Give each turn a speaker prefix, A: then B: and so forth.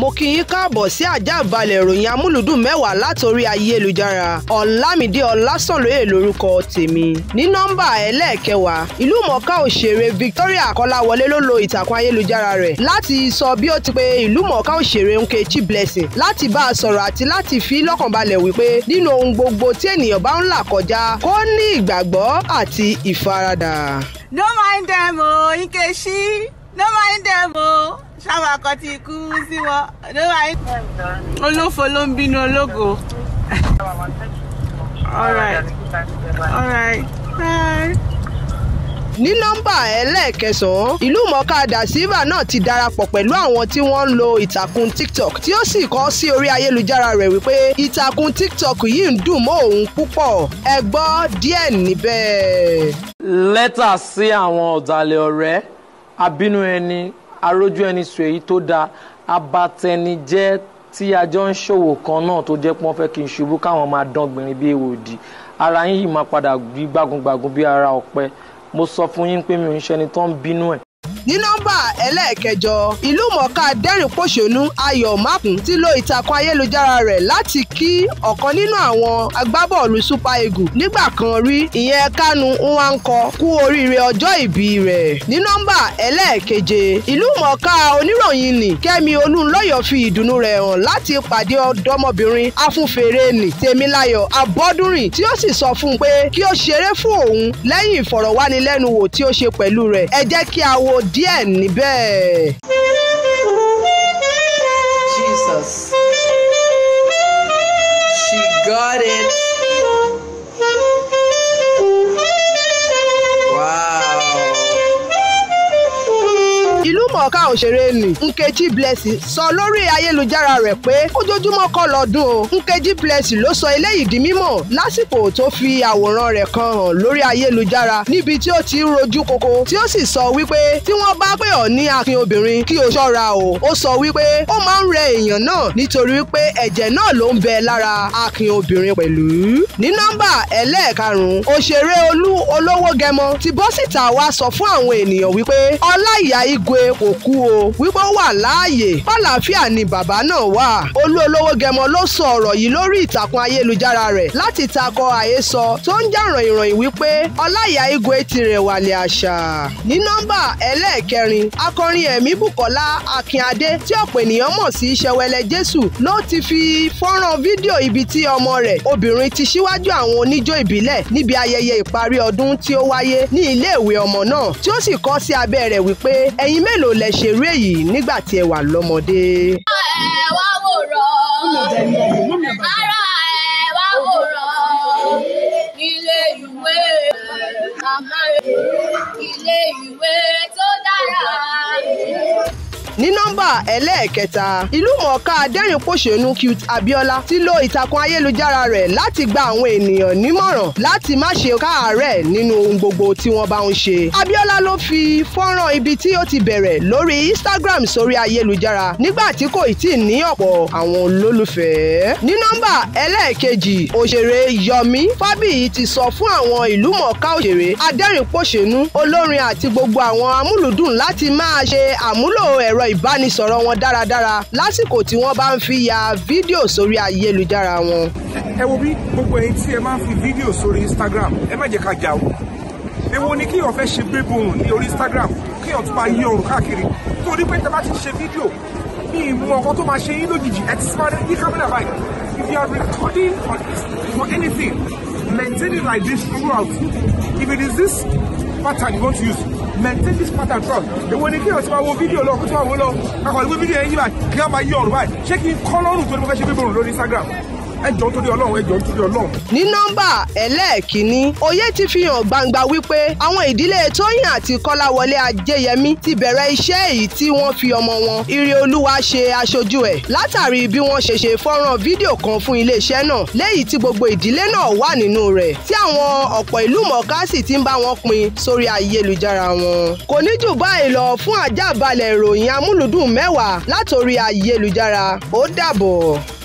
A: mo kí yín káàbọ̀ sí àjàbalẹ̀ ìròyìn amúlùdùn mẹ́wàá látòrí ayélujára ọ̀làmídé ọ̀làsànlóye lórúkọ tèmi ní nọ́mbà ẹlẹ́ẹ̀kẹwàá ìlú mọ̀ọ́ká òṣèré Victoria Akọ́láwọlé ló lo ìtàkùn ayélujára rẹ̀ láti sọ bí ó ti pe ìlú mọ̀ọ́ká òṣèré Nkechi Blessing láti bá a sọ̀rọ̀ àti láti fi lọ́kànbalẹ̀ wípé nínú ohun gbogbo tí ènìyàn bá ń no mind them o she. no mind them o ṣáwọn akọ ti sí wọn olófo ló ń bínú ológo.
B: all right all right
A: bye ní nọ́mbà ẹlẹ́ẹ̀kẹsàn-án ìlúmọ̀ọ́ká dasiva náà ti darapọ̀ pẹ̀lú àwọn tí wọ́n ń lo ìtàkùn tiktok tí ó sì kọ sí orí ayélujára rẹ̀ wípé ìtàkùn tiktok yìí ń dùn mọ́ òun púpọ̀ ẹ gbọ́ díẹ̀ níbẹ̀. lẹ́tà sí àwọn ọ̀dàlẹ̀ ọ̀rẹ́ abínú ẹni arójú ẹni sọ èyí tó dáa abatẹnijẹ́ tí ajọ́ ń ṣòwò kan náà tó jẹ́ pọ́n fẹ́ kí n ṣubú káwọn máa dán gbìnrin bí èèwò dì ara yín yìí máa padà gbí bí ara ọ̀pẹ mo sọ fún yín pé mi ò ń ṣẹni tó ń bínú ẹ̀ ní nọ́mbà ẹlẹ́ẹ̀kẹjọ ìlúmọ̀ọ́ká dẹ́rìn-pọ̀ṣónú ayọ̀ mákùn ti lo ìtàkùn ayélujára rẹ̀ láti kí ọ̀kan nínú àwọn agbábọ́ọ̀lù super eagles nígbà kan rí ìyẹn kánú nwankọ kú oríire ọjọ́ ìbí rẹ̀ ní nọ́mbà ẹlẹ́ẹ̀keje ìlúmọ̀ọ́ká oníròyìn nì kẹ́mi olúńlọ́yọ̀ fi ìdùnnú rẹ̀ hàn láti pàdé ọ̀dọ́mọbìnrin afúnfèrè nì tèmiláyọ̀ abọ́dúnrìn tí ó sì sọ fún un pé kí ó ṣeré fún òun lẹ́yìn ìfọ̀rọ̀wánilẹ́nuwò tí ó ṣe pẹ̀lú rẹ̀ ẹ jẹ́ kí a wo d díẹ̀ níbẹ̀. Jesus. She got it. gbajúmọ̀ọ́ká òṣèré nì Nkechi Blessing sọ lórí ayélujára rẹ̀ pé ojoojúmọ́ kọ́ lọ́dún o Nkechi Blessing ló sọ eléyìí di mímọ̀ lásìkò tó fi àwòrán rẹ̀ kan hàn lórí ayélujára níbi tí ó ti ń rojú koko tí ó sì sọ wípé tí wọ́n bá pè ọ́ ní akin obìnrin kí o ṣọ́ra o ó sọ wípé ó máa ń rẹ èèyàn náà nítorí pé ẹ̀jẹ̀ náà ló ń bẹ lára akin obìnrin pẹ̀lú ní nọ́mbà ẹlẹ́ẹ̀karùn-ún òṣèré olú olówó gẹmọ ti bọ́ síta wá sọ fún àwọn ènìyàn wípé ọláìyá igwe kò kú o wípé ó wà láàyè pàlàáfíà ni bàbá náà wà olú olówó gẹmọ ló sọ ọ̀rọ̀ yìí lórí ìtàkùn ayélujára rẹ̀ láti takò àhesọ tó ń jàràn ìròyìn wípé ọláìyá igwe tirẹ̀ wà ní àṣà ní nọ́mbà ẹlẹ́ẹ̀kẹrin akọrin ẹ̀mí bukola akínadé tí ọ̀pọ̀ ènìyàn mọ̀ sí sẹwẹlẹ jésù ló ti fi fọ́nrán fídíò ibi tí ọmọ rẹ̀ obìnrin ti ṣíwájú àwọn oníjó ìbílẹ̀ níbi ayẹyẹ ìparí ọdún tí ó wáyé ní iléèwé ọmọ náà tí ó sì kọ sí abẹ́ rẹ̀ wípé ẹ̀yin mélòó mélòó lẹ ṣerú èyí nígbà tí ẹ wà lọ́mọdé. ẹ wá wòrán ara ẹ wá wòrán ilé ìwé ilé ìwé. nọ́mbà ẹlẹ́ẹ̀kẹta ìlúmọ̀ọ́ká adẹ́rìnpòṣónú cute Abíọ́lá ti lo ìtàkùn ayélujára rẹ̀ láti gba àwọn ènìyàn nímọ̀ràn láti má ṣe káàárẹ̀ nínú ohun gbogbo tí wọ́n bá ń ṣe Abíọ́lá ló fi fọ́nrán ibi tí ó ti bẹ̀rẹ̀ lórí Instagram sórí ayélujára nígbà tí kò tí ì ní ọ̀pọ̀ àwọn olólùfẹ́ ní nọ́mbà ẹlẹ́ẹ̀kejì òṣèré Yọmí Fábíyì ti sọ fún àwọn ìlúmọ̀ọ́ká òṣèré adẹ́rìnpòṣónú olórin sọ̀rọ̀ wọn dáradára lásìkò tí wọ́n bá ń fi ya fídíò sórí ayélujára wọn. ẹ wo bí gbogbo ẹ̀yin tí ẹ máa ń fi fídíò sórí Instagram ẹ má jẹ́ ká jà o èwo ni kíyàn fẹ́ ṣe gbé bohùn ní orí Instagram kíyàn tún máa yí ọrùn káàkiri torí pé tẹ́ ti ṣe fídíò bí ìmú ọkọ tó máa ṣe yín lójijì ẹ ti sáré yí kámẹ́rà báyìí if you are recording for anything maintain it like this throughout if it is this pattern you want to use maintain this pattern trust èwo ni kí ọ̀sìn máa wo fídíò lọ kó tó máa wo lọ akọ̀lẹ́gbẹ́ fídíò yẹn yí báyìí kí wọ́n máa yí ọ̀rùn báyìí ṣé kí n kọ́ lọ́rùn tó ní mo fẹ́ ṣe bíbí òrùn lórí Instagram ẹjọ́ nítorí ọlọ́run ẹjọ́ nítorí ọlọ́run. ní nọ́mbà ẹlẹ́ẹ̀kínní oyè ti fi hàn gbangba wípé àwọn ìdílé tóyìn àti kọ́láwọlé ajéyẹmí ti bẹ̀rẹ̀ iṣẹ́ èyí tí wọ́n fi ọmọ wọn ire olúwa ṣe aṣojú ẹ̀ látàrí bí wọ́n ṣe ṣe fọ́nrán fídíò kan fún iléeṣẹ́ náà léyìí tí gbogbo ìdílé náà wà nínú rẹ̀ tí àwọn ọ̀pọ̀ ìlú mọ̀ọ́ká sì ti ń bá wọn pín sórí ayélujára wọn. kò ní jù báyìí lọ fún àjàbalẹ̀ ìròyìn amúlùdùn mẹ́wàá látòrí ayélujára ó dàbọ̀.